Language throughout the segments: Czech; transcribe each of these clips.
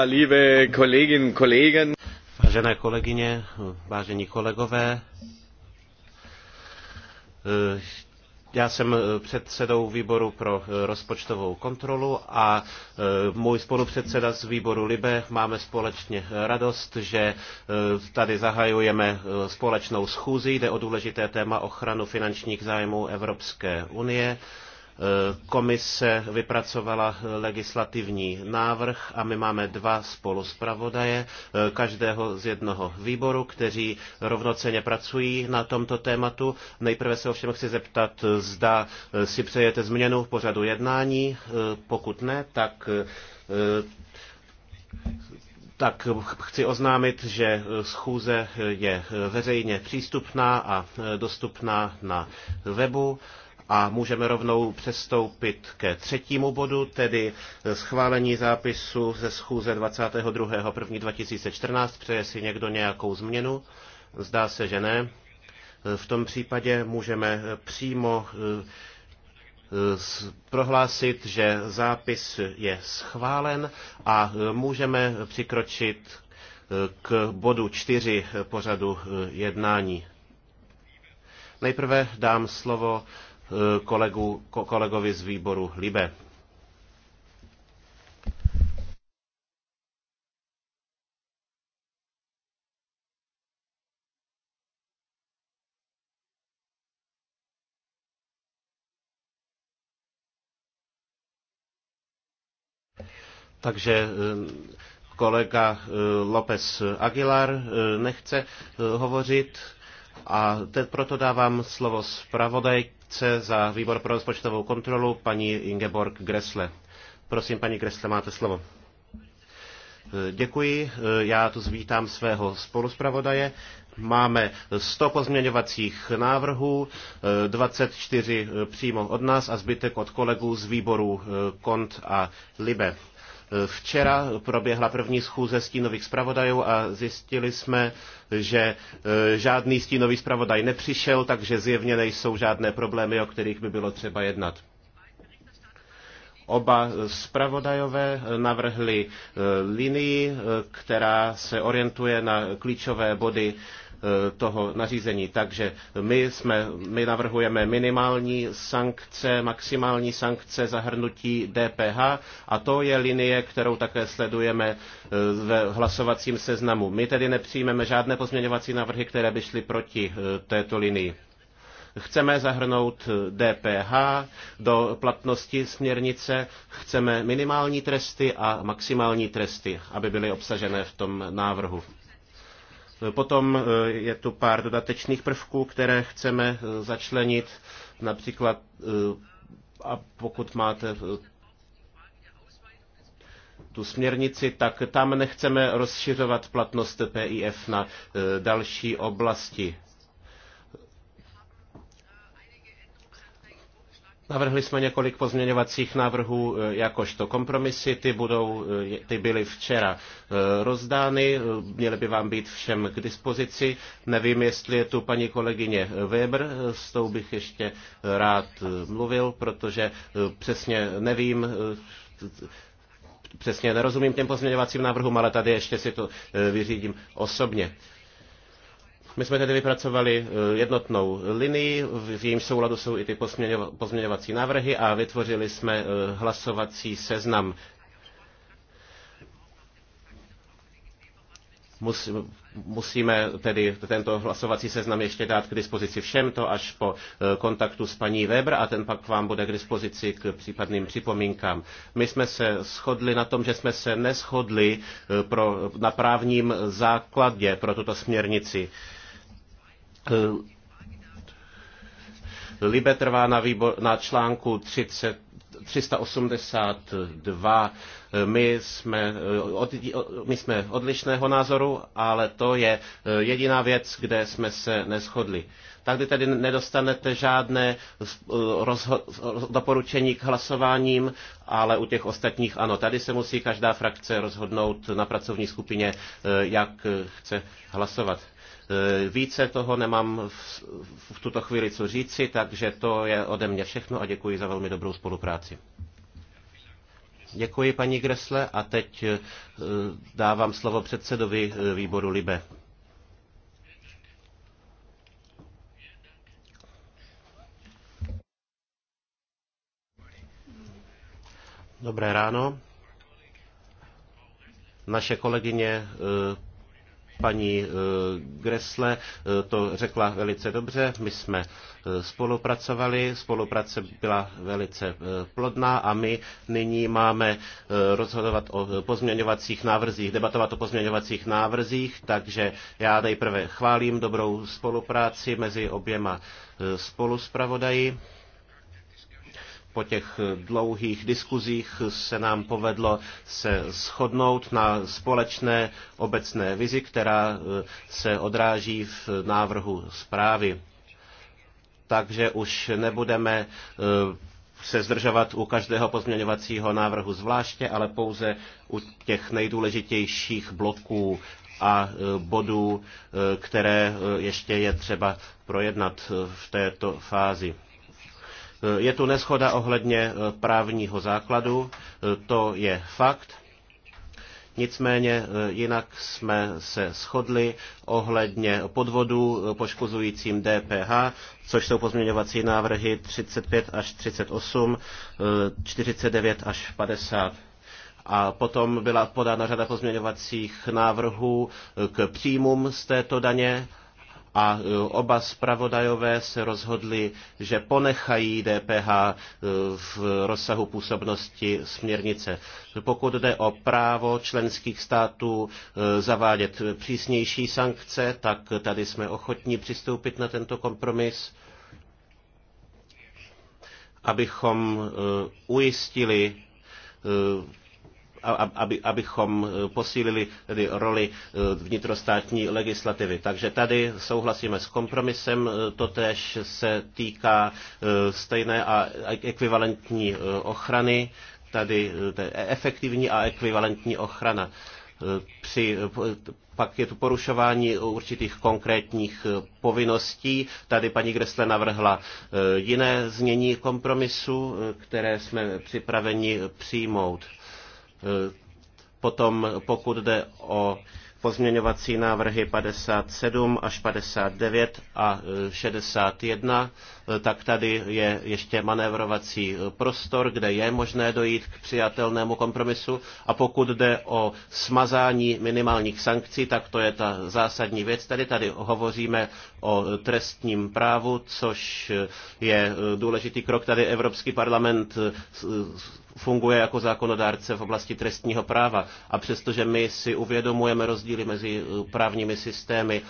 liebe Kolleginnen, Kollegen. Vážené kolegyně, vážení kolegové, eh, já jsem předsedou výboru pro eh, rozpočtovou kontrolu a eh, můj spolupředseda z výboru Libe máme společně radost, že tady zahajujeme společnou schůzi, jde o důležité téma ochranu finančních zájmů Evropské unie Komise vypracovala legislativní návrh a my máme dva spoluzpravodaje každého z jednoho výboru, kteří rovnoceně pracují na tomto tématu. Nejprve se ovšem chci zeptat, zda si přejete změnu v pořadu jednání. Pokud ne, tak tak chci oznámit, že schůze je veřejně přístupná a dostupná na webu. A můžeme rovnou přestoupit ke třetímu bodu, tedy schválení zápisu ze schůze 22.1.2014. Přeje si někdo nějakou změnu? Zdá se, že ne. V tom případě můžeme přímo eh, prohlásit, že zápis je schválen a můžeme přikročit eh, k bodu čtyři pořadu eh, jednání. Nejprve dám slovo Eh, kolegu, kolegovi z výboru Libe. Takže eh, kolega eh, López Aguilar nechce hovořit a teď proto dávám slovo zpravodaj, zástupce za výbor pro rozpočtovou kontrolu, paní Ingeborg Gressle. Prosím, paní Gressle, máte slovo. Děkuji, já tu zvítám svého spoluspravodaje. Máme 100 pozměňovacích návrhů, 24 přímo od nás a zbytek od kolegů z výboru Kont a Libe. Včera proběhla první schůze stínových zpravodajů a zjistili jsme, že e, žádný stínový zpravodaj nepřišel, takže zjevně nejsou žádné problémy, o kterých by bylo třeba jednat. Oba zpravodajové navrhli e, linii, e, která se orientuje na klíčové body Eh, toho nařízení. Takže my, jsme, my navrhujeme minimální sankce, maximální sankce zahrnutí DPH a to je linie, kterou také sledujeme eh, v hlasovacím seznamu. My tedy nepřijmeme žádné pozměňovací návrhy, které by šly proti eh, této linii chceme zahrnout DPH do platnosti směrnice, chceme minimální tresty a maximální tresty, aby byly obsažené v tom návrhu. Potom e, je tu pár dodatečných prvků, které chceme e, začlenit, například e, a pokud máte tu směrnici, tak tam nechceme rozšiřovat platnost PIF na další oblasti. Navrhli jsme několik pozměňovacích návrhů e, jakožto kompromisy, ty, budou, e, ty byly včera e, rozdány, měly by vám být všem k dispozici. Nevím, jestli je tu paní kolegyně Weber, s tou bych ještě rád mluvil, protože přesně nevím, přesně nerozumím těm pozměňovacím návrhům, ale tady ještě si to vyřídím osobně. My jsme tedy vypracovali eh, jednotnou linii, v jejím souladu jsou i ty pozměňovací návrhy a vytvořili jsme eh, hlasovací seznam. Musíme tedy tento hlasovací seznam ještě dát k dispozici všem, to až po eh, kontaktu s paní Weber a ten pak vám bude k dispozici k případným připomínkám. My jsme se shodli na tom, že jsme se neschodli pro, na právním základě pro tuto směrnici. Eh, Libe trvá na, výbor, na článku 30, 382. Eh, my jsme, eh, od, my jsme odlišného názoru, ale to je jediná věc, kde jsme se neschodli. Tady tedy nedostanete žádné rozho- doporučení k hlasováním, ale u těch ostatních ano. Tady se musí každá frakce rozhodnout na pracovní skupině, jak chce hlasovat. E, více toho nemám v, v tuto chvíli co říci, takže to je ode mě všechno a děkuji za velmi dobrou spolupráci. Děkuji paní Gresle a teď e, dávám slovo předsedovi e, výboru Libe. Dobré ráno. Naše kolegyně Paní eh, Gresle eh, to řekla velice dobře, my jsme eh, spolupracovali, spolupráce byla velice plodná a my nyní máme rozhodovat o pozměňovacích návrzích, debatovat o pozměňovacích návrzích, takže já nejprve chválím dobrou spolupráci mezi oběma spoluspravodaji po těch dlouhých diskuzích se nám povedlo se shodnout na společné obecné vizi, která e, se odráží v návrhu zprávy. Takže už nebudeme e, se zdržovat u každého pozměňovacího návrhu zvláště, ale pouze u těch nejdůležitějších bloků a e, bodů, které ještě je třeba projednat v této fázi. Eh, je tu neschoda ohledně eh, právního základu, eh, to je fakt. Nicméně jinak jsme se shodli ohledně podvodů poškozujícím DPH, což jsou pozměňovací návrhy 35 až 38, 49 až 50. A potom byla podána řada pozměňovacích návrhů k příjmům z této daně a e, oba zpravodajové se rozhodli, že ponechají DPH e, v rozsahu působnosti směrnice. Pokud jde o právo členských států e, zavádět přísnější sankce, tak tady jsme ochotní přistoupit na tento kompromis, abychom ujistili aby, abychom eh, posílili tedy roli eh, vnitrostátní legislativy. Takže tady souhlasíme s kompromisem, eh, totež se týká stejné a ekvivalentní ochrany, tady efektivní a ekvivalentní ochrana. Při, pak je tu porušování určitých konkrétních povinností. Tady paní Gresle navrhla jiné znění kompromisu, které jsme připraveni přijmout. Potom pokud jde o pozměňovací návrhy 57 až 59 a 61, tak tady je ještě manévrovací prostor, kde je možné dojít k přijatelnému kompromisu. A pokud jde o smazání minimálních sankcí, tak to je ta zásadní věc. Tady tady hovoříme o trestním právu, což je důležitý krok. Tady Evropský parlament funguje jako zákonodárce v oblasti trestního práva. A přestože my si uvědomujeme rozdíly mezi právními systémy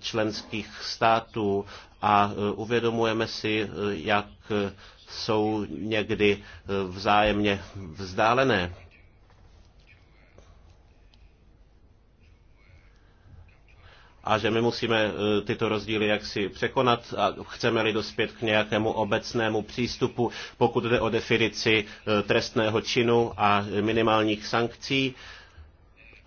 členských států a e, uvědomujeme si, e, jak e, jsou někdy vzájemně vzdálené. a že my musíme tyto rozdíly jaksi překonat a chceme-li dospět k nějakému obecnému přístupu, pokud jde o definici trestného činu a minimálních sankcí,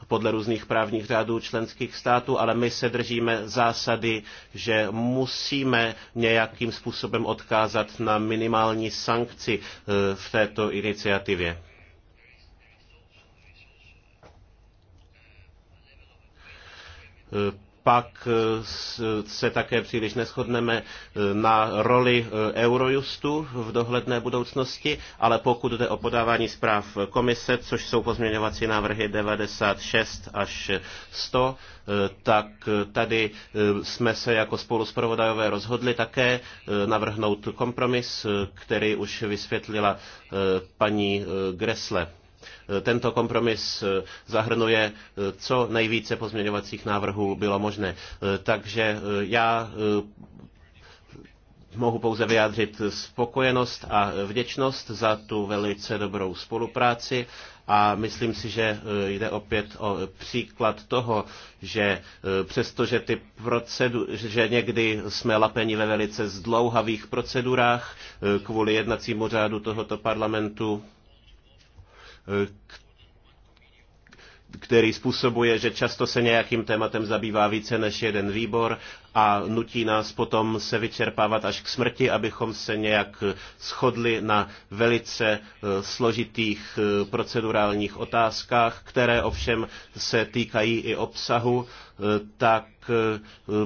podle různých právních řádů členských států, ale my se držíme zásady, že musíme nějakým způsobem odkázat na minimální sankci eh, v této iniciativě. Eh, pak eh, se také příliš neschodneme eh, na roli eh, Eurojustu v dohledné budoucnosti, ale pokud jde o podávání zpráv komise, což jsou pozměňovací návrhy 96 až 100, tak tady jsme se jako spoluspravodajové rozhodli také navrhnout kompromis, který už vysvětlila paní Gressle. Tento kompromis eh, zahrnuje eh, co nejvíce pozměňovacích návrhů bylo možné. Eh, takže já mohu pouze vyjádřit spokojenost a vděčnost za tu velice dobrou spolupráci a myslím si, že jde opět o příklad toho, že přestože ty procedu, že někdy jsme lapeni ve velice zdlouhavých procedurách kvůli jednacímu řádu tohoto parlamentu, který způsobuje, že často se nějakým tématem zabývá více než jeden výbor a nutí nás potom se vyčerpávat až k smrti, abychom se nějak shodli na velice eh, složitých eh, procedurálních otázkách, které ovšem se týkají i obsahu, eh, tak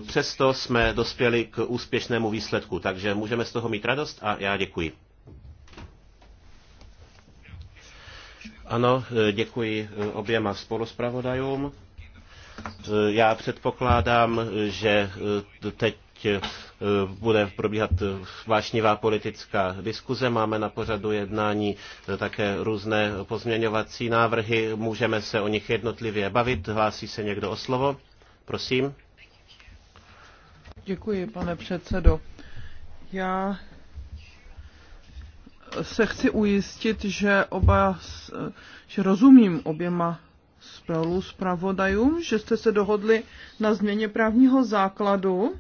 přesto jsme dospěli k úspěšnému výsledku. Takže můžeme z toho mít radost a já děkuji. Ano, e, děkuji e, oběma spoluspravodajům. E, já předpokládám, že teď bude probíhat vášnivá politická diskuze. Máme na pořadu jednání také různé pozměňovací návrhy. Můžeme se o nich jednotlivě bavit. Hlásí se někdo o slovo? Prosím. Děkuji, pane předsedo. Já se chci ujistit, že oba, že rozumím oběma spolu zpravodajům, že jste se dohodli na změně právního základu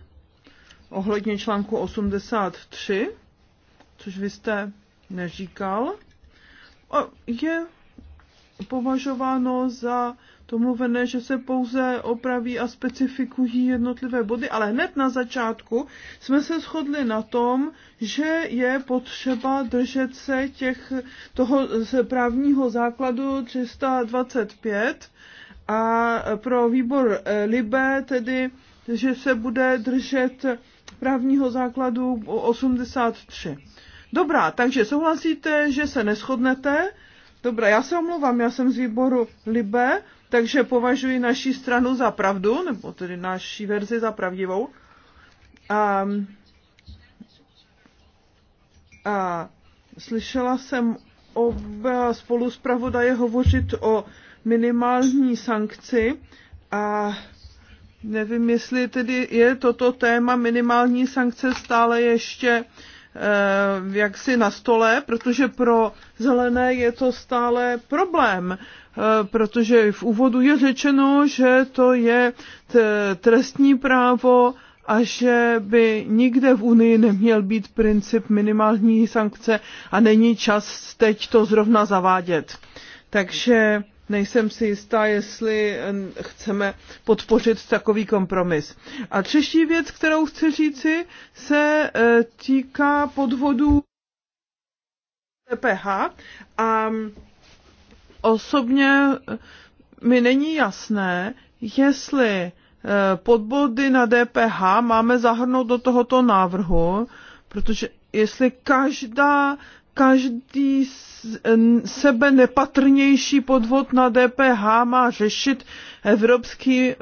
ohledně článku 83, což vy jste neříkal. Je považováno za domluvené, že se pouze opraví a specifikují jednotlivé body, ale hned na začátku jsme se shodli na tom, že je potřeba držet se těch, toho právního základu 325 a pro výbor eh, Libe tedy, že se bude držet právního základu 83. Dobrá, takže souhlasíte, že se neschodnete? Dobrá, já se omlouvám, já jsem z výboru Libe, takže považuji naši stranu za pravdu, nebo tedy naší verzi za pravdivou. A, a slyšela jsem oba je hovořit o minimální sankci a nevím, jestli tedy je toto téma minimální sankce stále ještě Eh, jaksi na stole, protože pro zelené je to stále problém, eh, protože v úvodu je řečeno, že to je trestní právo a že by nikde v Unii neměl být princip minimální sankce a není čas teď to zrovna zavádět. Takže nejsem si jistá, jestli eh, chceme podpořit takový kompromis. A třetí věc, kterou chci říci, se eh, týká podvodů DPH a mm, osobně eh, mi není jasné, jestli podbody na DPH máme zahrnout do tohoto návrhu, protože jestli každá každý sebe nepatrnější podvod na DPH má řešit evropský e,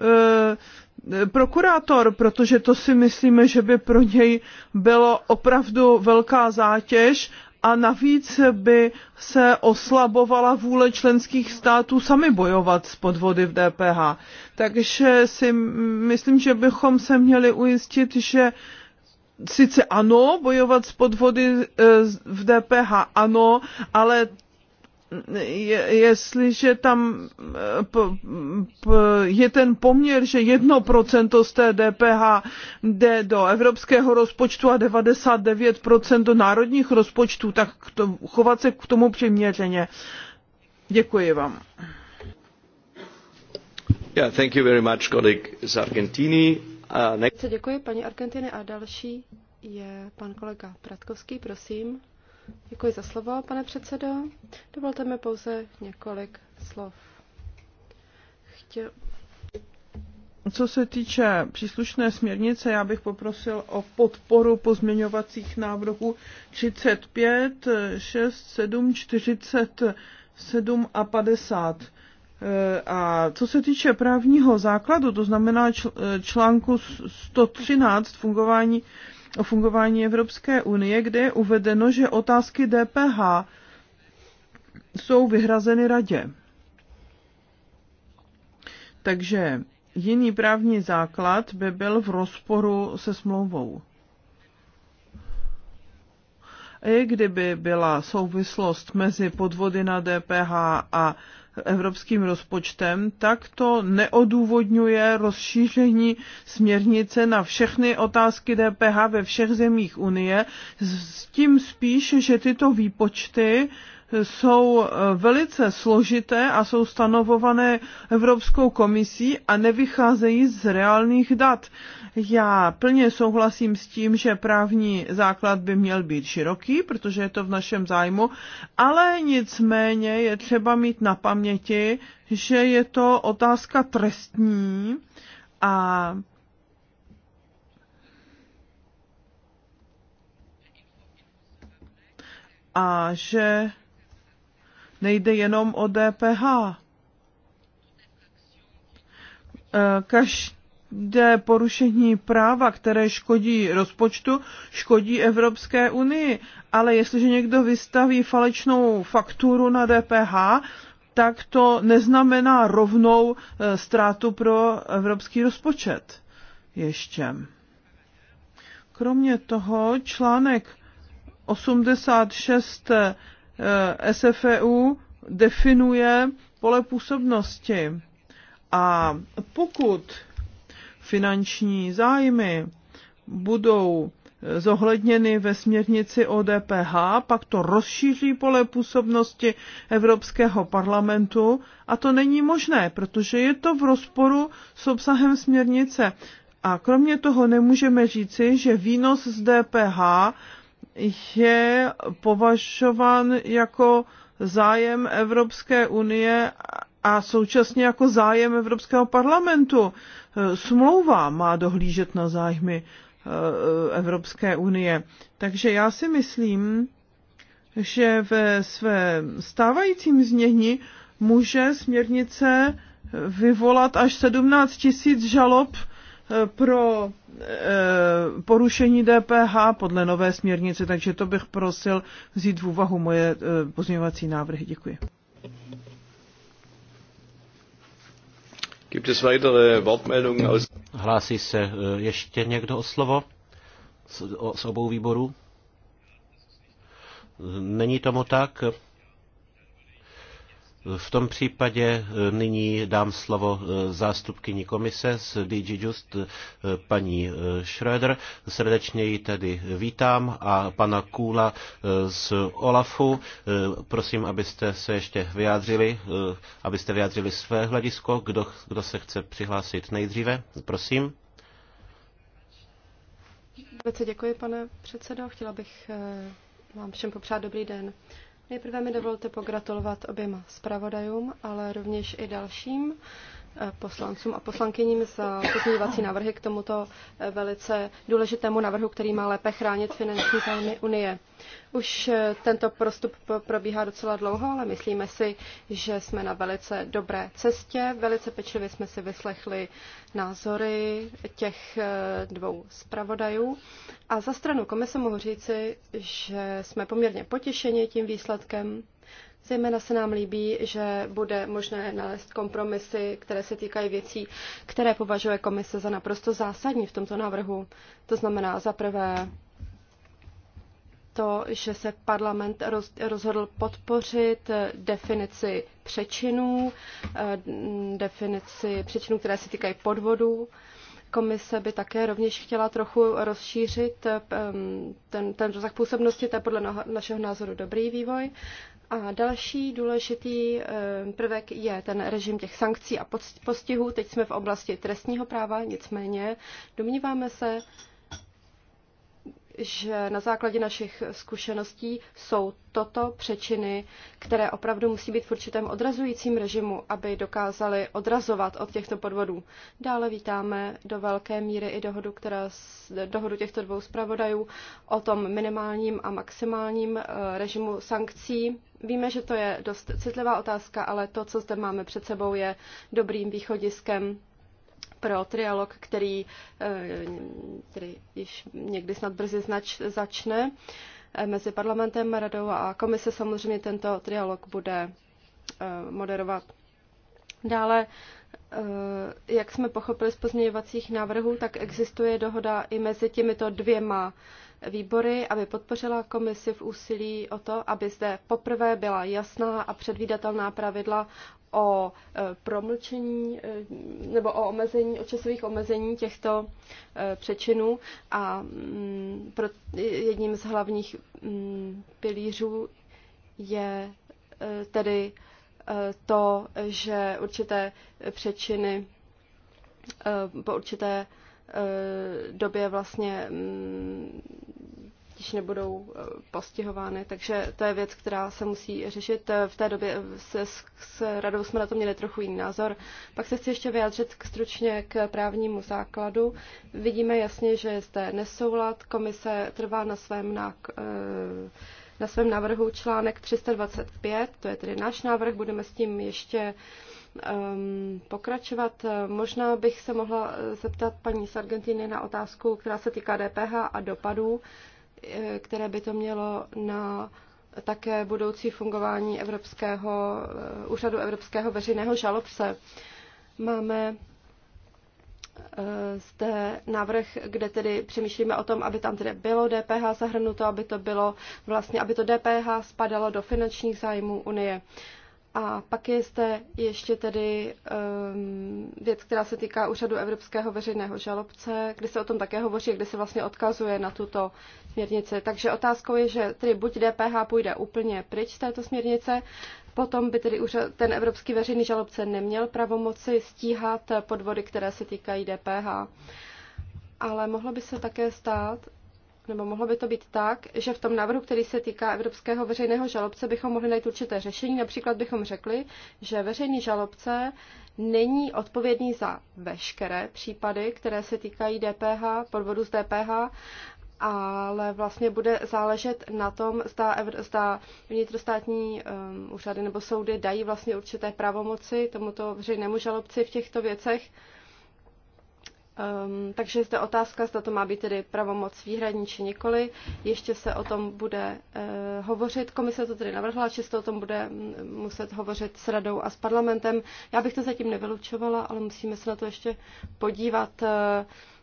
prokurátor, protože to si myslíme, že by pro něj bylo opravdu velká zátěž a navíc by se oslabovala vůle členských států sami bojovat s podvody v DPH. Takže si myslím, že bychom se měli ujistit, že sice ano, bojovat s podvody e, v DPH ano, ale je, jestliže tam e, je ten poměr, že 1% z té DPH jde do evropského rozpočtu a 99% do národních rozpočtů, tak to, chovat se k tomu přiměřeně. Děkuji vám. Yeah, thank you very much, colleague Sargentini. Ne... Děkuji paní Argentiny a další je pan kolega Pratkovský, prosím. Děkuji za slovo, pane předsedo. Dovolte mi pouze několik slov. Chtěl... Co se týče příslušné směrnice, já bych poprosil o podporu pozměňovacích návrhů 35, 6, 7, 47 a 50 a co se týče právního základu, to znamená eh, článku 113 fungování, o fungování Evropské unie, kde je uvedeno, že otázky DPH jsou vyhrazeny radě. Takže jiný právní základ by byl v rozporu se smlouvou. I kdyby byla souvislost mezi podvody na DPH a evropským rozpočtem, tak to neodůvodňuje rozšíření směrnice na všechny otázky DPH ve všech zemích Unie, s tím spíš, že tyto výpočty jsou eh, velice složité a jsou stanovované Evropskou komisí a nevycházejí z reálných dat. Já plně souhlasím s tím, že právní základ by měl být široký, protože je to v našem zájmu, ale nicméně je třeba mít na paměti, že je to otázka trestní a a že nejde jenom o DPH. Eh, každé porušení práva, které škodí rozpočtu, škodí Evropské unii. Ale jestliže někdo vystaví falečnou fakturu na DPH, tak to neznamená rovnou eh, ztrátu pro evropský rozpočet ještě. Kromě toho článek 86 Eh, SFEU definuje pole působnosti. A pokud finanční zájmy budou eh, zohledněny ve směrnici o DPH, pak to rozšíří pole působnosti Evropského parlamentu a to není možné, protože je to v rozporu s obsahem směrnice. A kromě toho nemůžeme říci, že výnos z DPH je považován jako zájem Evropské unie a současně jako zájem Evropského parlamentu. Smlouva má dohlížet na zájmy eh, Evropské unie. Takže já si myslím, že ve své stávajícím změni může směrnice vyvolat až 17 tisíc žalob pro eh, porušení DPH podle nové směrnice, takže to bych prosil vzít v úvahu moje eh, pozměňovací návrhy. Děkuji. Gibt es weitere Wortmeldungen aus... Hlásí se eh, ještě někdo o slovo z, z obou výborů? Není tomu tak. V tom případě eh, nyní dám slovo eh, zástupkyni komise z DG Just, eh, paní Schröder. Srdečně ji tedy vítám a pana Kůla z OLAFu. Prosím, abyste se ještě vyjádřili, abyste vyjádřili své hledisko. Kdo, kdo se chce přihlásit nejdříve, prosím. Velice děkuji, pane předsedo. Chtěla bych vám všem popřát dobrý den. Nejprve mi dovolte pogratulovat oběma zpravodajům, ale rovněž i dalším poslancům a poslankyním za pozměňovací návrhy k tomuto eh, velice důležitému návrhu, který má lépe chránit finanční zájmy Unie. Už eh, tento prostup probíhá docela dlouho, ale myslíme si, že jsme na velice dobré cestě. Velice pečlivě jsme si vyslechli názory těch eh, dvou zpravodajů. A za stranu komise mohu říci, že jsme poměrně potěšeni tím výsledkem. Zejména se nám líbí, že bude možné nalézt kompromisy, které se týkají věcí, které považuje komise za naprosto zásadní v tomto návrhu. To znamená za prvé to, že se parlament rozhodl podpořit definici přečinů, eh, definici přečinů, které se týkají podvodů. Komise by také rovněž chtěla trochu rozšířit eh, ten, ten rozsah působnosti, to je podle našeho názoru dobrý vývoj. A další důležitý eh, prvek je ten režim těch sankcí a postihů. Teď jsme v oblasti trestního práva, nicméně domníváme se, že na základě našich zkušeností jsou toto přečiny, které opravdu musí být v určitém odrazujícím režimu, aby dokázali odrazovat od těchto podvodů. Dále vítáme do velké míry i dohodu, která, dohodu těchto dvou zpravodajů o tom minimálním a maximálním eh, režimu sankcí. Víme, že to je dost citlivá otázka, ale to, co zde máme před sebou, je dobrým východiskem pro trialog, který, eh, který již někdy snad brzy znač, začne eh, mezi parlamentem, radou a komise. Samozřejmě tento trialog bude eh, moderovat. Dále, jak jsme pochopili z pozměňovacích návrhů, tak existuje dohoda i mezi těmito dvěma výbory, aby podpořila komisi v úsilí o to, aby zde poprvé byla jasná a předvídatelná pravidla o e, promlčení e, nebo o omezení, o časových omezení těchto e, přečinů a mm, pro jedním z hlavních mm, pilířů je tedy to, že určité přečiny po určité době vlastně mm, již nebudou eh, postihovány. Takže to je věc, která se musí řešit. Eh, v té době eh, se, s radou jsme na to měli trochu jiný názor. Pak se chci ještě vyjádřit k stručně k právnímu základu. Vidíme jasně, že je zde nesoulad. Komise trvá na svém nákladu na svém návrhu článek 325, to je tedy náš návrh, budeme s tím ještě um, pokračovat. Možná bych se mohla zeptat paní Argentiny na otázku, která se týká DPH a dopadů. Eh, které by to mělo na také budoucí fungování Evropského eh, úřadu Evropského veřejného žalobce. Máme eh, zde návrh, kde tedy přemýšlíme o tom, aby tam tedy bylo DPH zahrnuto, aby to bylo vlastně, aby to DPH spadalo do finančních zájmů Unie. A pak je zde ještě tedy um, věc, která se týká úřadu Evropského veřejného žalobce, kde se o tom také hovoří, kde se vlastně odkazuje na tuto směrnici. Takže otázkou je, že tedy buď DPH půjde úplně pryč z této směrnice, potom by tedy úřad, ten Evropský veřejný žalobce neměl pravomoci stíhat podvody, které se týkají DPH. Ale mohlo by se také stát, nebo mohlo by to být tak, že v tom návrhu, který se týká evropského veřejného žalobce, bychom mohli najít určité řešení. Například bychom řekli, že veřejný žalobce není odpovědný za veškeré případy, které se týkají DPH, podvodu z DPH, ale vlastně bude záležet na tom, zda, zda vnitrostátní um, úřady nebo soudy dají vlastně určité pravomoci tomuto veřejnému žalobci v těchto věcech. Um, takže je zde otázka, zda to má být tedy pravomoc výhradní či nikoli. Ještě se o tom bude uh, hovořit. Komise to tedy navrhla, se o tom bude mm, muset hovořit s radou a s parlamentem. Já bych to zatím nevylučovala, ale musíme se na to ještě podívat. Uh,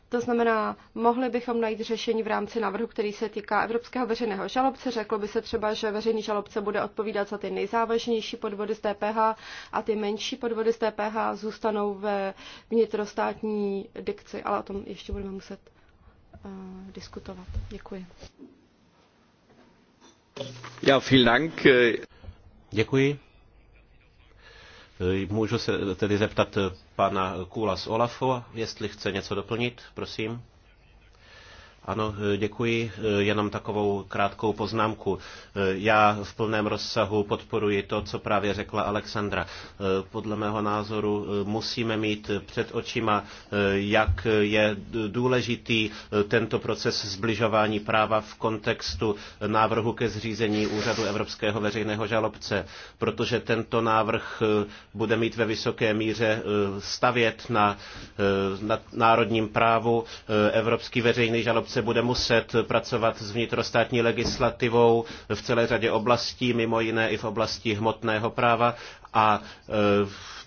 to znamená, mohli bychom najít řešení v rámci návrhu, který se týká evropského veřejného žalobce. Řeklo by se třeba, že veřejný žalobce bude odpovídat za ty nejzávažnější podvody z DPH a ty menší podvody z DPH zůstanou ve vnitrostátní dikci, ale o tom ještě budeme muset uh, diskutovat. Děkuji. Ja, vielen Dank. Děkuji. Eh, můžu se tedy zeptat eh, pana Kula z Olafu, jestli chce něco doplnit, prosím. Ano, děkuji. Jenom takovou krátkou poznámku. Já v plném rozsahu podporuji to, co právě řekla Alexandra. Podle mého názoru musíme mít před očima, jak je důležitý tento proces zbližování práva v kontextu návrhu ke zřízení úřadu Evropského veřejného žalobce, protože tento návrh bude mít ve vysoké míře stavět na, na národním právu Evropský veřejný žalobce se bude muset pracovat s vnitrostátní legislativou v celé řadě oblastí, mimo jiné i v oblasti hmotného práva a e,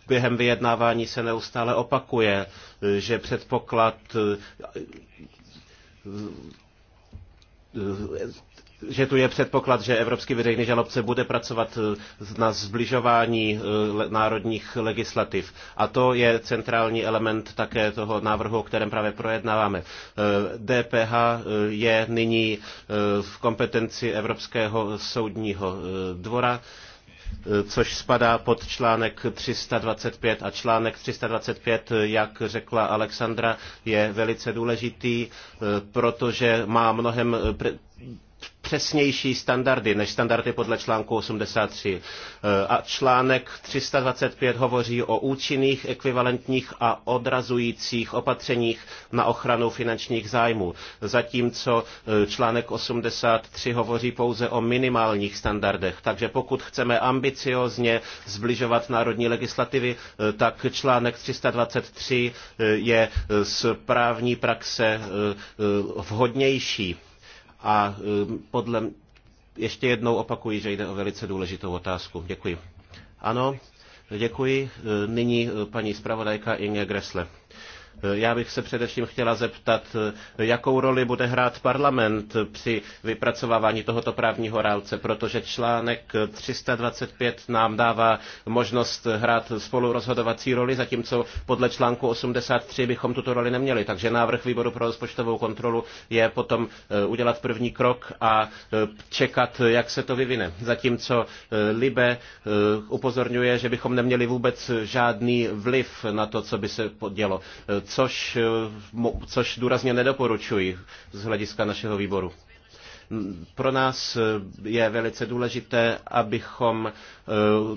během vyjednávání se neustále opakuje, že předpoklad e, e, že tu je předpoklad, že Evropský veřejný žalobce bude pracovat eh, na zbližování eh, národních legislativ. A to je centrální element také toho návrhu, o kterém právě projednáváme. DPH eh, je nyní v kompetenci Evropského soudního dvora což spadá pod článek 325 a článek 325, jak řekla Alexandra, je velice důležitý, protože má mnohem přesnější standardy než standardy podle článku 83. E, a článek 325 hovoří o účinných, ekvivalentních a odrazujících opatřeních na ochranu finančních zájmů, zatímco e, článek 83 hovoří pouze o minimálních standardech. Takže pokud chceme ambiciozně zbližovat národní legislativy, e, tak článek 323 je z právní praxe vhodnější a um, podle, ještě jednou opakuji, že jde o velice důležitou otázku. Děkuji. Ano, děkuji. Nyní uh, paní zpravodajka Inge Gressle. Já bych se především chtěla zeptat, jakou roli bude hrát parlament při vypracovávání tohoto právního rámce, protože článek 325 nám dává možnost hrát rozhodovací roli, zatímco podle článku 83 bychom tuto roli neměli. Takže návrh výboru pro rozpočtovou kontrolu je potom eh, udělat první krok a eh, čekat, jak se to vyvine. Zatímco eh, Libe upozorňuje, že bychom neměli vůbec žádný vliv na to, co by se podělo což, eh, což důrazně nedoporučuji z hlediska našeho výboru. Pro nás eh, je velice důležité, abychom eh,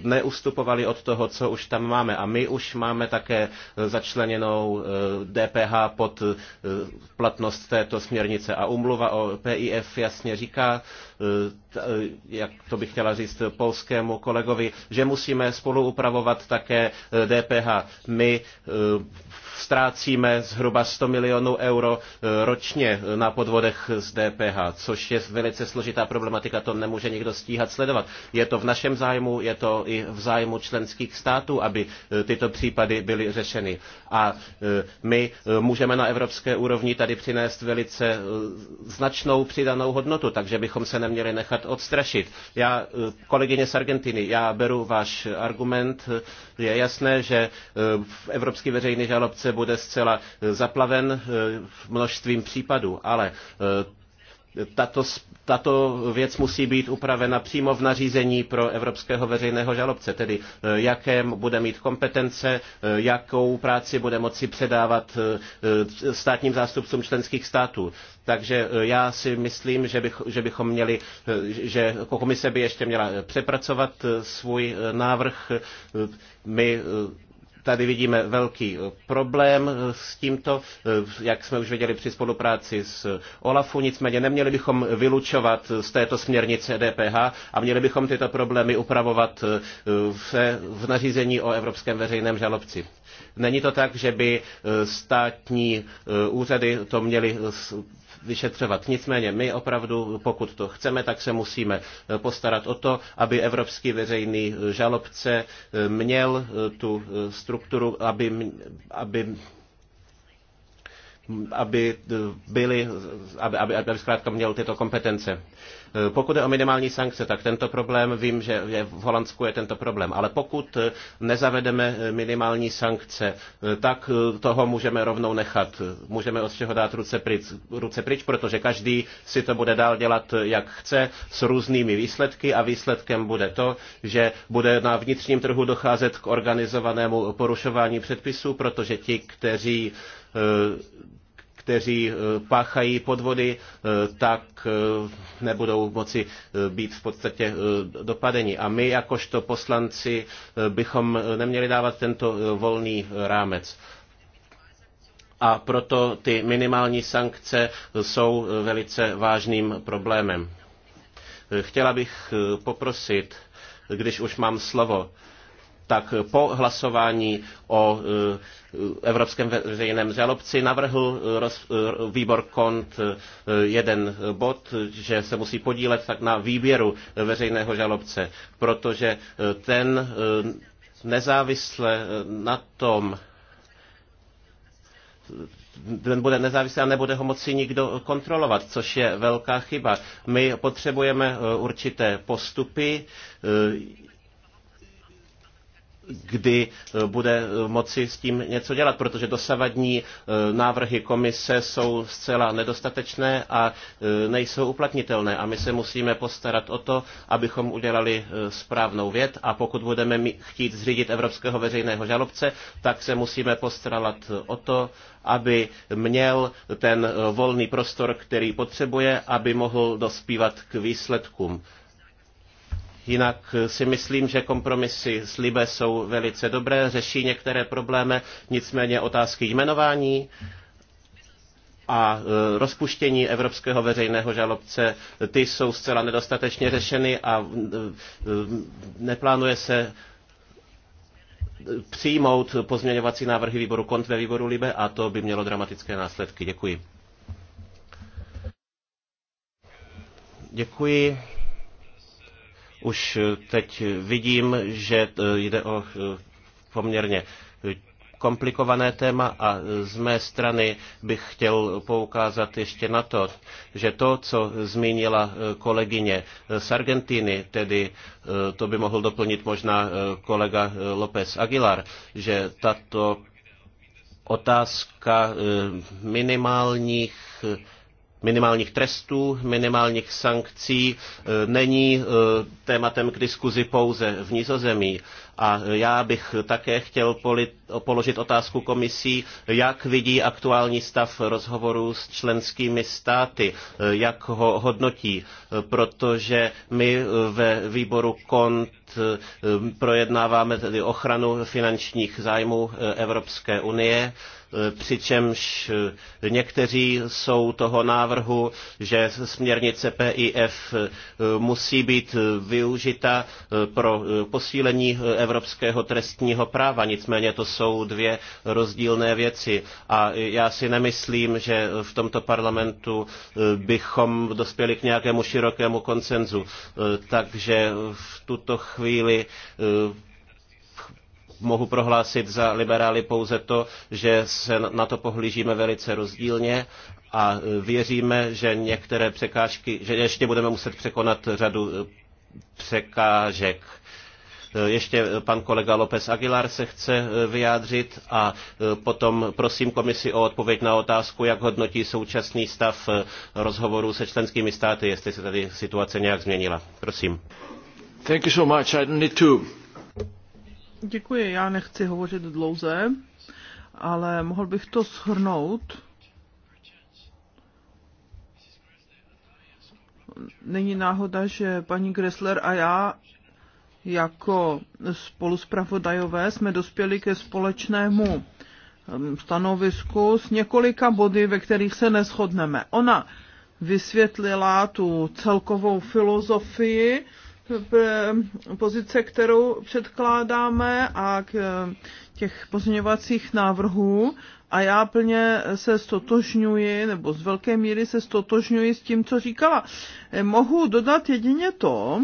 neustupovali od toho, co už tam máme. A my už máme také eh, začleněnou DPH pod platnost této směrnice. A umluva o PIF jasně říká, jak to bych chtěla říct polskému kolegovi, že musíme spolu upravovat také DPH. My ztrácíme zhruba 100 milionů euro ročně na podvodech z DPH, což je velice složitá problematika, to nemůže nikdo stíhat sledovat. Je to v našem zájmu, je to i v zájmu členských států, aby e, tyto případy byly řešeny. A e, my e, můžeme na evropské úrovni tady přinést velice značnou přidanou hodnotu, takže bychom se neměli nechat odstrašit. Já, kolegyně z Argentiny, já beru váš argument. Je jasné, že evropský veřejný žalobce bude zcela zaplaven množstvím případů, ale tato, tato věc musí být upravena přímo v nařízení pro evropského veřejného žalobce, tedy eh, jaké bude mít kompetence, eh, jakou práci bude moci předávat eh, státním zástupcům členských států. Takže já si myslím, že, bych, že bychom měli, že komise by ještě měla přepracovat svůj návrh. My Tady vidíme velký problém s tímto, jak jsme už věděli při spolupráci s OLAFu, nicméně neměli bychom vylučovat z této směrnice DPH a měli bychom tyto problémy upravovat v nařízení o Evropském veřejném žalobci. Není to tak, že by eh, státní eh, úřady to měly eh, vyšetřovat. Nicméně my opravdu, pokud to chceme, tak se musíme postarat o to, aby evropský veřejný žalobce měl tu strukturu, aby, aby aby eh, byli, aby, aby, aby zkrátka měl tyto kompetence. Eh, pokud je o minimální sankce, tak tento problém, vím, že je, v Holandsku je tento problém, ale pokud eh, nezavedeme minimální sankce, tak toho můžeme rovnou nechat. Můžeme od čeho dát ruce pryč, ruce pryč, protože každý si to bude dál dělat, jak chce, s různými výsledky a výsledkem bude to, že bude na vnitřním trhu docházet k organizovanému porušování předpisů, protože ti, kteří Eh, kteří eh, páchají podvody, eh, tak nebudou moci být v podstatě dopadeni. A my jakožto poslanci bychom neměli dávat tento volný rámec. A proto ty minimální sankce jsou velice vážným problémem. Chtěla bych poprosit, když už mám slovo, tak po hlasování o eh, Evropském veřejném žalobci navrhl eh, roz, eh, výbor KONT jeden bod, že se musí podílet tak na výběru veřejného žalobce, protože ten nezávisle na tom, ten bude nezávislý a nebude ho moci nikdo kontrolovat, což je velká chyba. My potřebujeme určité postupy, kdy eh, bude eh, moci s tím něco dělat, protože dosavadní eh, návrhy komise jsou zcela nedostatečné a nejsou uplatnitelné. A my se musíme postarat o to, abychom udělali správnou věc a pokud budeme chtít zřídit Evropského veřejného žalobce, tak se musíme postarat o to, aby měl ten volný prostor, který potřebuje, aby mohl dospívat k výsledkům Jinak si myslím, že kompromisy s Libe jsou velice dobré, řeší některé problémy, nicméně otázky jmenování a e, rozpuštění evropského veřejného žalobce, ty jsou zcela nedostatečně řešeny a e, e, neplánuje se přijmout pozměňovací návrhy výboru KONT ve výboru LIBE a to by mělo dramatické následky. Děkuji. Děkuji. Už eh, teď vidím, že eh, jde o eh, poměrně komplikované téma a z mé strany bych chtěl poukázat ještě na to, že to, co zmínila kolegyně z Argentiny, tedy to by mohl doplnit možná kolega López Aguilar, že tato otázka minimálních minimálních trestů, minimálních sankcí e, není e, tématem k diskuzi pouze v Nizozemí. A já bych také chtěl položit otázku komisí, jak vidí aktuální stav rozhovorů s členskými státy, jak ho hodnotí, protože my ve výboru KONT eh, projednáváme tedy ochranu finančních zájmů eh, Evropské unie, eh, přičemž někteří jsou toho návrhu, že směrnice PIF musí být využita pro posílení evropského trestního práva. Nicméně to jsou dvě rozdílné věci. A já si nemyslím, že v tomto parlamentu eh, bychom dospěli k nějakému širokému koncenzu. Eh, takže v tuto chvíli eh, mohu prohlásit za liberály pouze to, že se na to pohlížíme velice rozdílně a věříme, že některé překážky, že ještě budeme muset překonat řadu překážek Eh, ještě eh, pan kolega López Aguilar se chce eh, vyjádřit a potom prosím komisi o odpověď na otázku, jak hodnotí současný stav rozhovorů se členskými státy, jestli se tady situace nějak změnila. Prosím. Thank you so much. I don't need to. Děkuji, já nechci hovořit dlouze, ale mohl bych to shrnout. Není náhoda, že paní Gressler a já jako spoluspravodajové jsme dospěli ke společnému ehm, stanovisku s několika body, ve kterých se neschodneme. Ona vysvětlila tu celkovou filozofii eh, pozice, kterou předkládáme a k eh, těch pozměňovacích návrhů a já plně se stotožňuji, nebo z velké míry se stotožňuji s tím, co říkala. Eh, mohu dodat jedině to,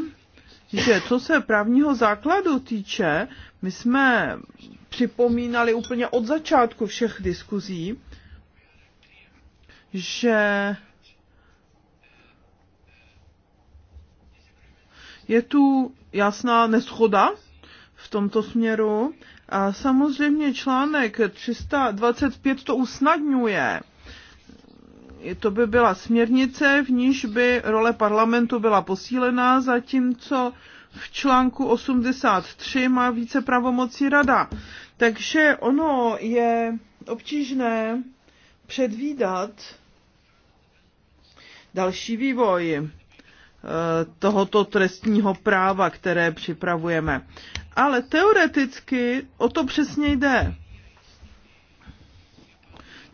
že co se právního základu týče, my jsme připomínali úplně od začátku všech diskuzí, že je tu jasná neschoda v tomto směru. A samozřejmě článek 325 to usnadňuje to by byla směrnice, v níž by role parlamentu byla posílená, zatímco v článku 83 má více pravomocí rada. Takže ono je obtížné předvídat další vývoj eh, tohoto trestního práva, které připravujeme. Ale teoreticky o to přesně jde.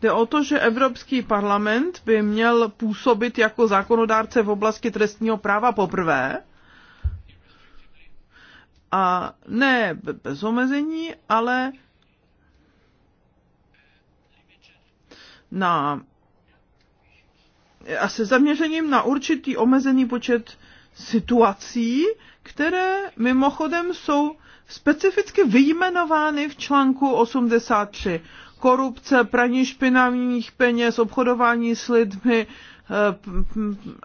Jde o to, že Evropský parlament by měl působit jako zákonodárce v oblasti trestního práva poprvé a ne bez omezení, ale na a se zaměřením na určitý omezený počet situací, které mimochodem jsou specificky vyjmenovány v článku 83 korupce, praní špinavých peněz, obchodování s lidmi eh,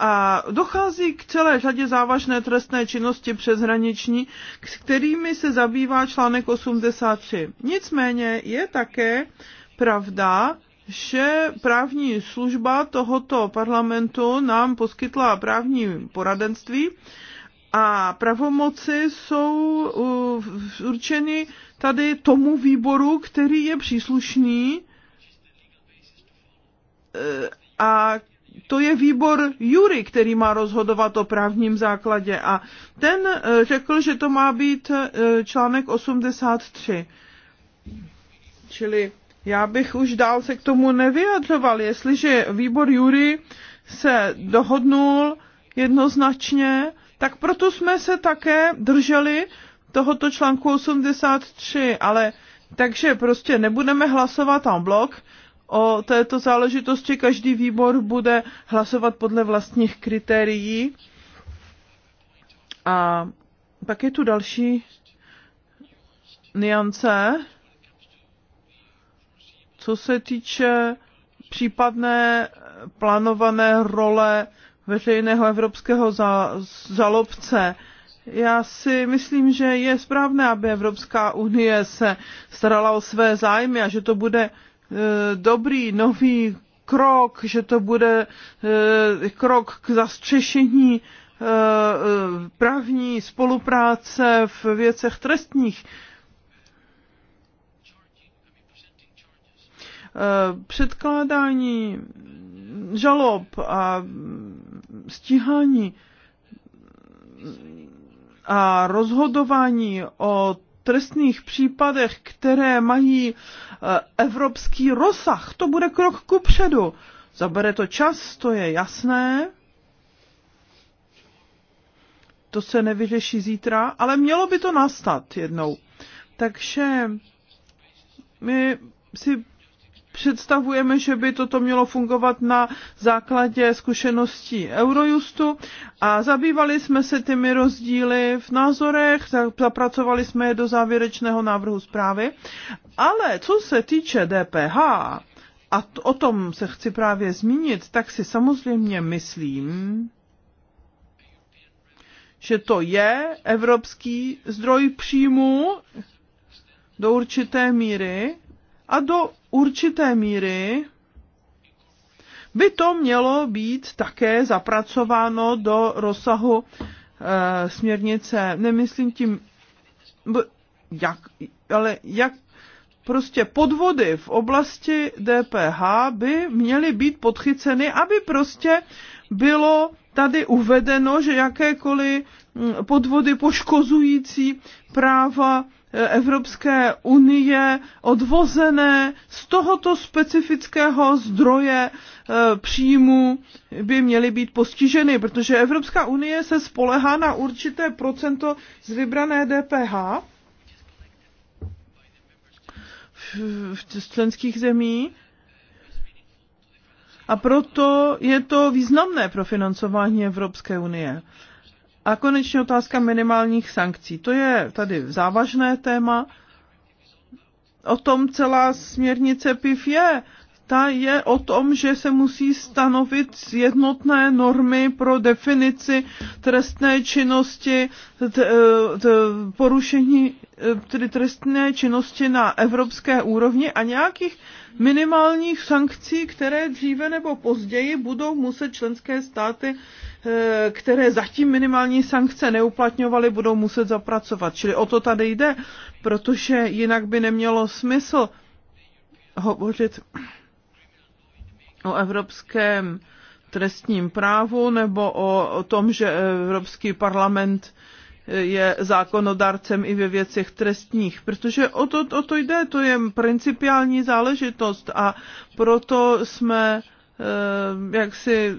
a dochází k celé řadě závažné trestné činnosti přeshraniční, s kterými se zabývá článek 83. Nicméně je také pravda, že právní služba tohoto parlamentu nám poskytla právní poradenství a pravomoci jsou eh, určeny tady tomu výboru, který je příslušný eh, a to je výbor Jury, který má rozhodovat o právním základě a ten eh, řekl, že to má být eh, článek 83. Čili já bych už dál se k tomu nevyjadřoval, jestliže výbor Jury se dohodnul jednoznačně, tak proto jsme se také drželi tohoto článku 83, ale takže prostě nebudeme hlasovat en blok o této záležitosti. Každý výbor bude hlasovat podle vlastních kritérií. A pak je tu další niance, co se týče případné plánované role veřejného evropského žalobce. Za, já si myslím, že je správné, aby Evropská unie se starala o své zájmy a že to bude e, dobrý nový krok, že to bude e, krok k zastřešení e, právní spolupráce v věcech trestních. Předkládání žalob a stíhání a rozhodování o trestných případech, které mají e, evropský rozsah. To bude krok ku předu. Zabere to čas, to je jasné. To se nevyřeší zítra, ale mělo by to nastat jednou. Takže my si představujeme, že by toto mělo fungovat na základě zkušeností Eurojustu a zabývali jsme se těmi rozdíly v názorech, zapracovali jsme je do závěrečného návrhu zprávy. Ale co se týče DPH, a o tom se chci právě zmínit, tak si samozřejmě myslím, že to je evropský zdroj příjmu do určité míry a do určité míry by to mělo být také zapracováno do rozsahu e, směrnice. Nemyslím tím, jak, ale jak prostě podvody v oblasti DPH by měly být podchyceny, aby prostě bylo tady uvedeno, že jakékoliv hm, podvody poškozující práva Evropské unie odvozené z tohoto specifického zdroje e, příjmu by měly být postiženy, protože Evropská unie se spolehá na určité procento z vybrané DPH v členských zemí a proto je to významné pro financování Evropské unie. A konečně otázka minimálních sankcí. To je tady závažné téma. O tom celá směrnice PIF je ta je o tom, že se musí stanovit jednotné normy pro definici trestné činnosti, t, t, porušení e, tedy trestné činnosti na evropské úrovni a nějakých minimálních sankcí, které dříve nebo později budou muset členské státy, e, které zatím minimální sankce neuplatňovaly, budou muset zapracovat. Čili o to tady jde, protože jinak by nemělo smysl hovořit o evropském trestním právu nebo o, o tom, že Evropský parlament je zákonodárcem i ve věcech trestních, protože o to, o to jde, to je principiální záležitost a proto jsme eh, jak si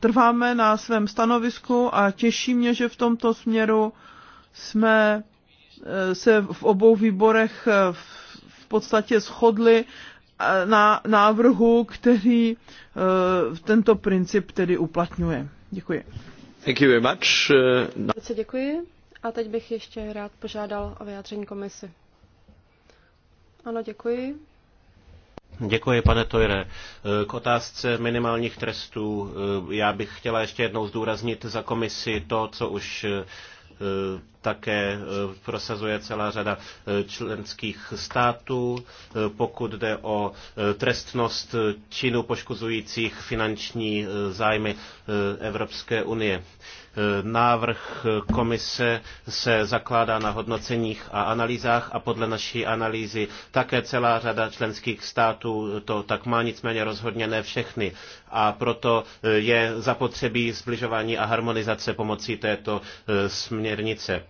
trváme na svém stanovisku a těší mě, že v tomto směru jsme eh, se v obou výborech eh, v podstatě shodli na návrhu, který eh, tento princip tedy uplatňuje. Děkuji. Thank you very much. Eh, Velice děkuji. A teď bych ještě rád požádal o vyjádření komisy. Ano, děkuji. Děkuji, pane Tojre. Eh, k otázce minimálních trestů já bych chtěla ještě jednou zdůraznit za komisi to, co už také e, prosazuje celá řada e, členských států, e, pokud jde o trestnost činů poškozujících finanční zájmy Evropské unie. Návrh komise se zakládá na hodnoceních a analýzách a podle naší analýzy také celá řada členských států to tak má, nicméně rozhodně ne všechny. A proto je zapotřebí zbližování a harmonizace pomocí této směrnice.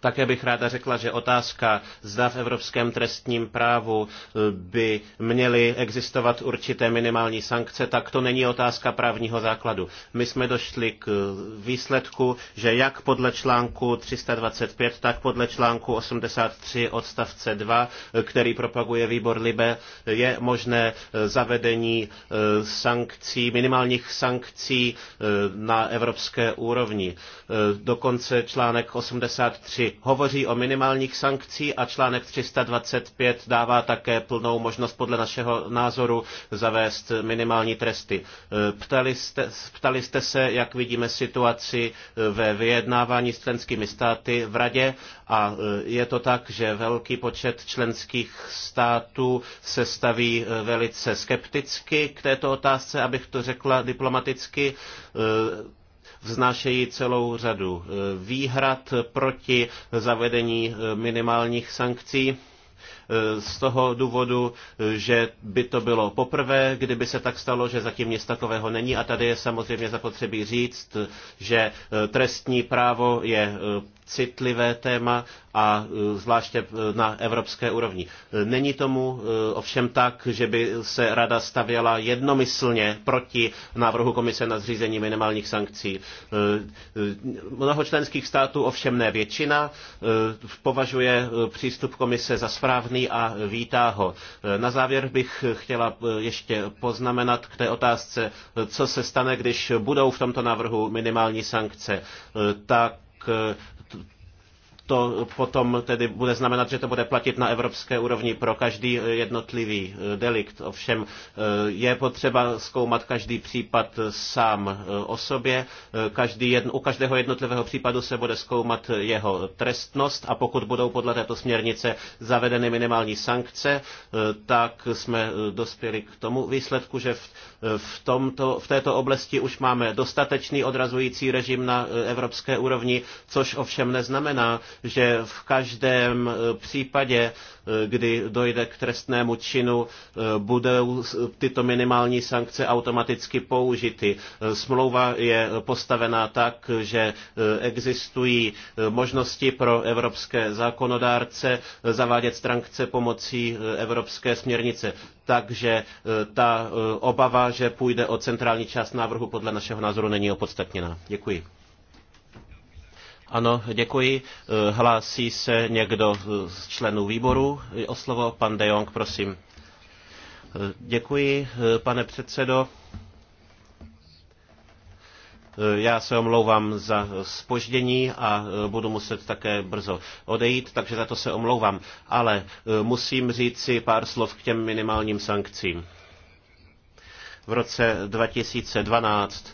Také bych ráda řekla, že otázka, zda v evropském trestním právu eh, by měly existovat určité minimální sankce, tak to není otázka právního základu. My jsme došli k eh, výsledku, že jak podle článku 325, tak podle článku 83 odstavce 2, eh, který propaguje výbor Libe, je možné zavedení sankcí, minimálních sankcí na evropské úrovni. Dokonce článek 83 hovoří o minimálních sankcích a článek 325 dává také plnou možnost podle našeho názoru zavést minimální tresty. E, ptali jste, ptali jste se, jak vidíme situaci e, ve vyjednávání s členskými státy v Radě a e, je to tak, že velký počet členských států se staví velice skepticky k této otázce, abych to řekla diplomaticky vznášejí celou řadu eh, výhrad proti zavedení eh, minimálních sankcí eh, z toho důvodu, že by to bylo poprvé, kdyby se tak stalo, že zatím nic takového není. A tady je samozřejmě zapotřebí říct, že trestní právo je citlivé téma a e, zvláště e, na evropské úrovni. E, není tomu ovšem tak, že by se rada stavěla jednomyslně proti návrhu komise na zřízení minimálních sankcí. Mnoho členských států, ovšem ne většina, považuje přístup komise za správný a vítá ho. Na závěr bych chtěla ještě poznamenat k té otázce, co se stane, když budou v tomto návrhu minimální sankce. Tak to potom tedy bude znamenat, že to bude platit na evropské úrovni pro každý eh, jednotlivý eh, delikt. Ovšem eh, je potřeba zkoumat každý případ sám o sobě. Každý jedn, u každého jednotlivého případu se bude zkoumat jeho trestnost a pokud budou podle této směrnice zavedeny minimální sankce, tak jsme dospěli k tomu výsledku, že v, v, tomto, v této oblasti už máme dostatečný odrazující režim na evropské úrovni, což ovšem neznamená, že v každém eh, případě, eh, kdy dojde k trestnému činu, eh, budou tyto minimální sankce automaticky použity. Smlouva je postavená tak, že existují možnosti pro evropské zákonodárce zavádět sankce pomocí evropské směrnice. Takže ta obava, že půjde o centrální část návrhu, podle našeho názoru není opodstatněná. Děkuji. Ano, děkuji. Eh, hlásí se někdo eh, z členů výboru eh, o slovo? Pan De Jong, prosím. Děkuji, pane předsedo. Já se omlouvám za spoždění a budu muset také brzo odejít, takže za to se omlouvám. Ale musím říct si pár slov k těm minimálním sankcím. V roce 2012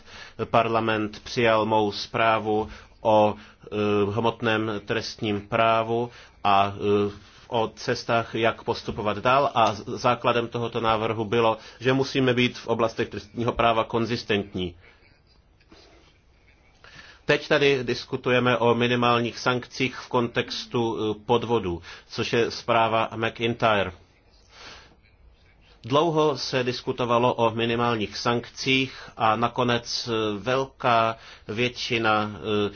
parlament přijal mou zprávu o eh, hmotném trestním právu a eh, o cestách, jak postupovat dál a základem tohoto návrhu bylo, že musíme být v oblastech trestního práva konzistentní. Teď tady diskutujeme o minimálních sankcích v kontextu eh, podvodu, což je zpráva McIntyre. Dlouho se diskutovalo o minimálních sankcích a nakonec e, velká většina e,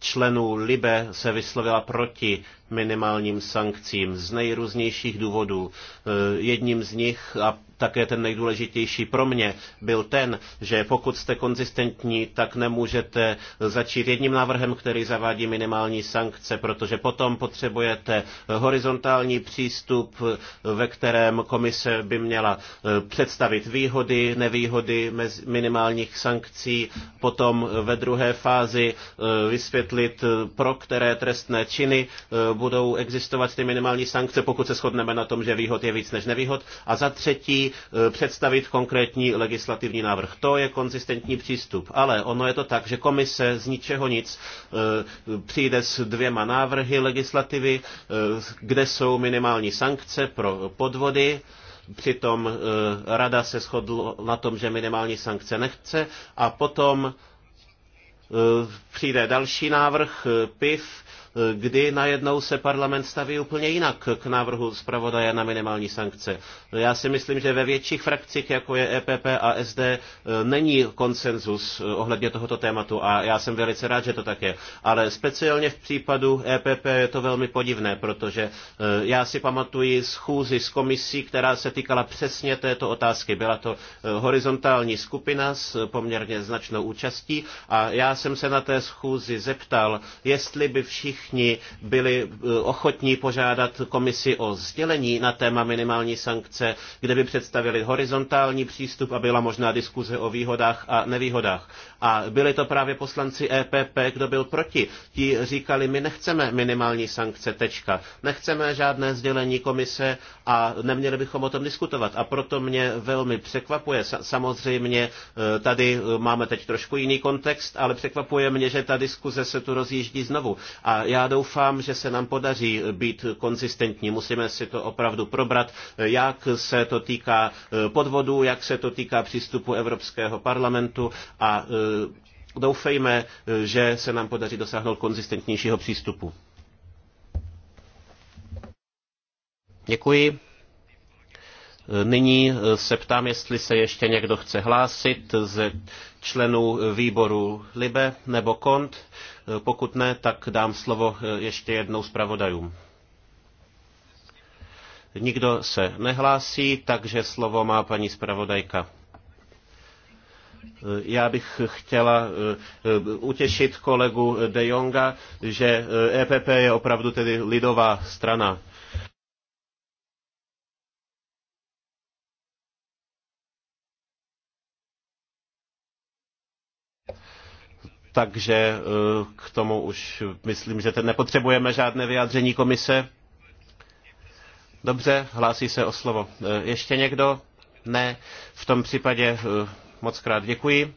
členů Libe se vyslovila proti minimálním sankcím z nejrůznějších důvodů. E, jedním z nich, a také ten nejdůležitější pro mě byl ten, že pokud jste konzistentní, tak nemůžete začít jedním návrhem, který zavádí minimální sankce, protože potom potřebujete horizontální přístup, ve kterém komise by měla eh, představit výhody, nevýhody minimálních sankcí, potom ve druhé fázi eh, vysvětlit, eh, pro které trestné činy budou existovat ty minimální sankce, pokud se shodneme na tom, že výhod je víc než nevýhod. A za třetí Eh, představit konkrétní legislativní návrh. To je konzistentní přístup. Ale ono je to tak, že komise z ničeho nic eh, přijde s dvěma návrhy legislativy, eh, kde jsou minimální sankce pro podvody, přitom rada se shodla na tom, že minimální sankce nechce a potom přijde další návrh PIF, kdy najednou se parlament staví úplně jinak k návrhu zpravodaje na minimální sankce. Já si myslím, že ve větších frakcích, jako je EPP a SD, e, není konsenzus e, ohledně tohoto tématu a já jsem velice rád, že to tak je. Ale speciálně v případu EPP je to velmi podivné, protože e, já si pamatuji schůzi s komisí, která se týkala přesně této otázky. Byla to horizontální skupina s poměrně značnou účastí a já jsem se na té schůzi zeptal, jestli by všichni všichni byli eh, ochotní požádat komisi o sdělení na téma minimální sankce, kde by představili horizontální přístup a byla možná diskuze o výhodách a nevýhodách. A byli to právě poslanci EPP, kdo byl proti. Ti říkali, my nechceme minimální sankce, tečka. Nechceme žádné sdělení komise a neměli bychom o tom diskutovat. A proto mě velmi překvapuje, samozřejmě eh, tady eh, máme teď trošku jiný kontext, ale překvapuje mě, že ta diskuze se tu rozjíždí znovu. A já doufám, že se nám podaří být konzistentní. Musíme si to opravdu probrat, jak se to týká eh, podvodu, jak se to týká přístupu Evropského parlamentu a eh, doufejme, eh, že se nám podaří dosáhnout konzistentnějšího přístupu. Děkuji. Nyní se ptám, jestli se ještě někdo chce hlásit ze členů výboru Libe nebo Kont. Pokud ne, tak dám slovo eh, ještě jednou zpravodajům. Nikdo se nehlásí, takže slovo má paní zpravodajka. Eh, já bych chtěla eh, utěšit kolegu De Jonga, že EPP e je opravdu tedy lidová strana. Takže eh, k tomu už myslím, že nepotřebujeme žádné vyjádření komise. Dobře, hlásí se o slovo. Eh, ještě někdo? Ne. V tom případě eh, moc krát děkuji.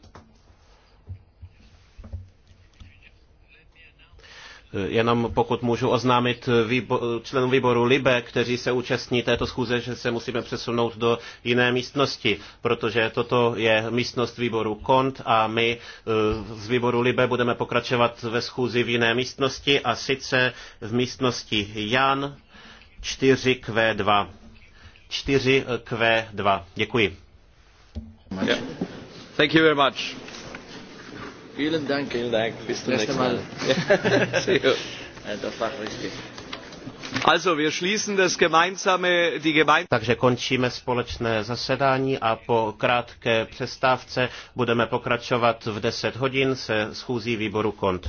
Eh, jenom pokud můžu oznámit eh, eh, členům výboru LIBE, kteří se účastní této schůze, že se musíme přesunout do jiné místnosti, protože toto je místnost výboru KONT a my z výboru LIBE budeme pokračovat ve schůzi v jiné místnosti a sice v místnosti Jan 4Q2. 4Q2. Děkuji. Thank you very much. Vielen Dank. Vielen Dank. Bis zum nächsten Mal. Also, wir schließen das gemeinsame, die gemein... Takže končíme společné zasedání a po krátké přestávce budeme pokračovat v 10 hodin se schůzí výboru KONT.